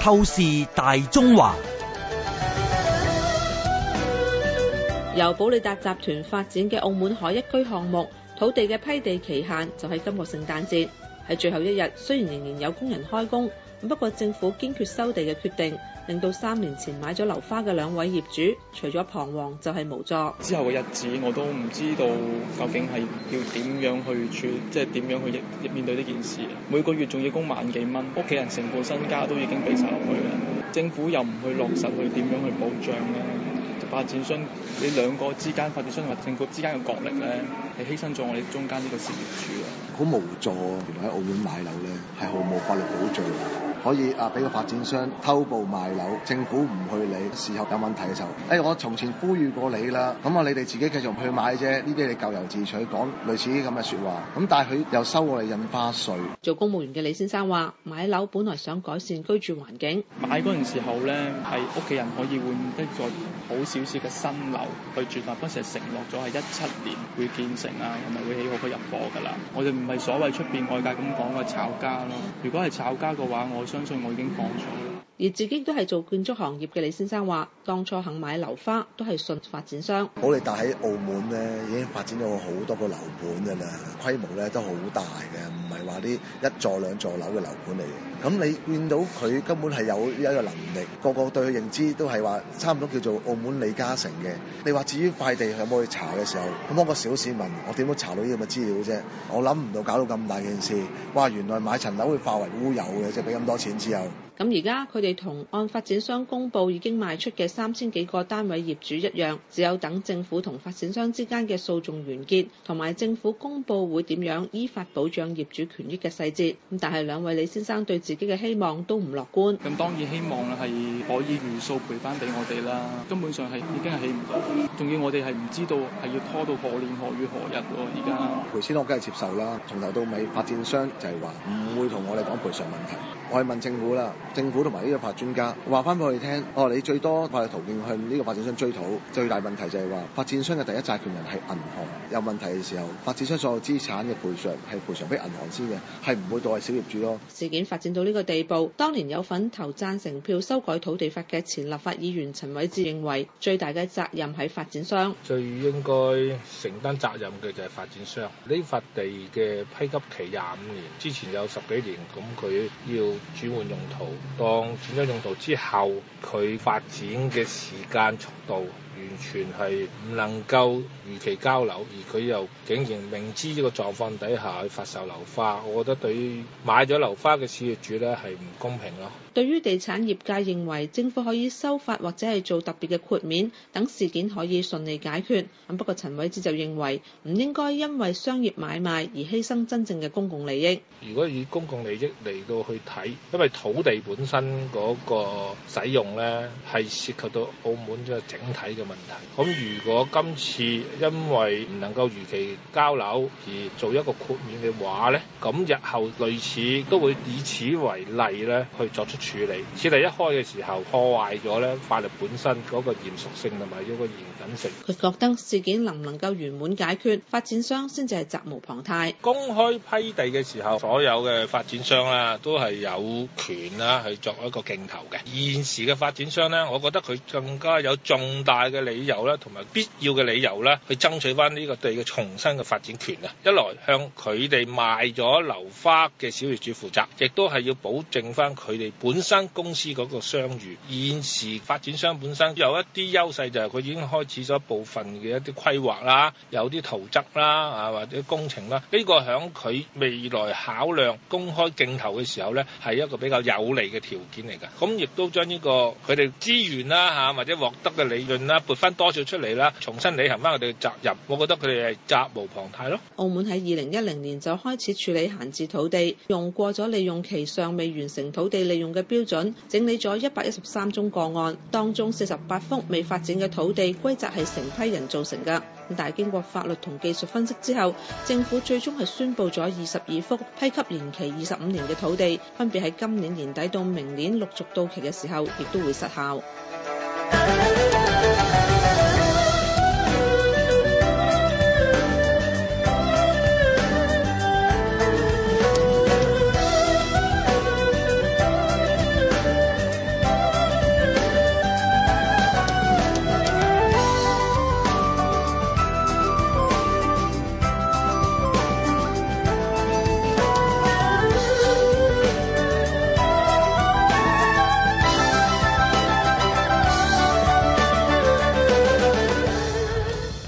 透視大中華，由保利達集團發展嘅澳門海一居項目，土地嘅批地期限就喺今個聖誕節，喺最後一日。雖然仍然有工人開工。不過政府堅決收地嘅決定，令到三年前買咗樓花嘅兩位業主，除咗彷徨就係無助。之後嘅日子我都唔知道究竟係要點樣去處，即係點樣去面對呢件事。每個月仲要供萬幾蚊，屋企人成個身家都已經俾曬落去啦。政府又唔去落實去點樣去保障咧，發展商你兩個之間，發展商同埋政府之間嘅角力咧，係犧牲咗我哋中間呢個事業主啊！好無助啊！原來喺澳門買樓咧係毫無法律保障。可以啊，俾個發展商偷步賣樓，政府唔去理，事後有問題嘅時候，誒我從前呼籲過你啦，咁啊你哋自己繼續去買啫，呢啲你咎由自取，講類似啲咁嘅說話，咁但係佢又收我哋印花稅。做公務員嘅李先生話：買樓本來想改善居住環境，嗯、買嗰陣時候咧係屋企人可以換得再好少少嘅新樓去住，但不時承諾咗係一七年會建成啊，咁咪會起好個入夥㗎啦。我哋唔係所謂出面外界咁講嘅炒家咯，如果係炒家嘅話，我。相信我已經講咗。而自己都係做建築行業嘅李先生話，當初肯買樓花都係信發展商。保利達喺澳門咧已經發展咗好多個樓盤㗎啦，規模咧都好大嘅，唔係話啲一座兩座樓嘅樓盤嚟嘅。咁你見到佢根本係有呢一個能力，個個對佢認知都係話差唔多叫做澳門李嘉誠嘅。你話至於塊地有冇去查嘅時候，咁、那、我個小市民問我點樣查到呢啲咁嘅資料啫？我諗唔到搞到咁大件事，哇！原來買層樓會化為烏有嘅，即係俾咁多錢之後。咁而家佢哋同按發展商公佈已經賣出嘅三千幾個單位業主一樣，只有等政府同發展商之間嘅訴訟完結，同埋政府公佈會點樣依法保障業主權益嘅細節。咁但係兩位李先生對自己嘅希望都唔樂觀。咁當然希望係可以如數賠翻俾我哋啦。根本上係已經係起唔到，仲要我哋係唔知道係要拖到何年何月何日喎。而家賠錢我梗係接受啦，從頭到尾發展商就係話唔會同我哋講賠償問題，我係問政府啦。政府同埋呢個法專家話翻俾我哋聽，哦，你最多法律途徑向呢個發展商追討。最大問題就係話發展商嘅第一債權人係銀行，有問題嘅時候，發展商所有資產嘅賠償係賠償俾銀行先嘅，係唔會代小業主咯。事件發展到呢個地步，當年有份投贊成票修改土地法嘅前立法議員陳偉智認為，最大嘅責任喺發展商。最應該承擔責任嘅就係發展商。呢塊地嘅批給期廿五年，之前有十幾年，咁佢要轉換用途。當轉咗用途之後，佢發展嘅時間速度完全係唔能夠如期交樓，而佢又竟然明知呢個狀況底下去發售樓花，我覺得對買咗樓花嘅業主咧係唔公平咯。對於地產業界認為政府可以修法或者係做特別嘅豁免，等事件可以順利解決。咁不過陳偉智就認為唔應該因為商業買賣而犧牲真正嘅公共利益。如果以公共利益嚟到去睇，因為土地。本身嗰個使用咧，係涉及到澳門嘅整體嘅問題。咁如果今次因為唔能夠如期交樓而做一個豁免嘅話咧，咁日後類似都會以此為例咧，去作出處理。此例一開嘅時候破壞咗咧法律本身嗰個嚴肅性同埋一個嚴謹性。佢覺得事件能唔能夠圓滿解決，發展商先至係責無旁貸。公開批地嘅時候，所有嘅發展商啊，都係有權啦。去作一個競投嘅現時嘅發展商呢，我覺得佢更加有重大嘅理由啦，同埋必要嘅理由啦，去爭取翻呢個地嘅重新嘅發展權啊！一來向佢哋賣咗樓花嘅小業主負責，亦都係要保證翻佢哋本身公司嗰個商譽。現時發展商本身有一啲優勢，就係佢已經開始咗部分嘅一啲規劃啦，有啲圖則啦啊，或者工程啦，呢個響佢未來考量公開競投嘅時候呢，係一個比較有利嘅條件嚟㗎，咁亦都將呢個佢哋資源啦吓，或者獲得嘅利潤啦，撥翻多少出嚟啦，重新履行翻佢哋嘅責任，我覺得佢哋係責無旁貸咯。澳門喺二零一零年就開始處理閒置土地，用過咗利用期尚未完成土地利用嘅標準，整理咗一百一十三宗個案，當中四十八幅未發展嘅土地歸責係成批人造成㗎。但係經過法律同技術分析之後，政府最終係宣布咗二十二幅批給延期二十五年嘅土地，分別喺今年年底到明年陸續到期嘅時候，亦都會失效。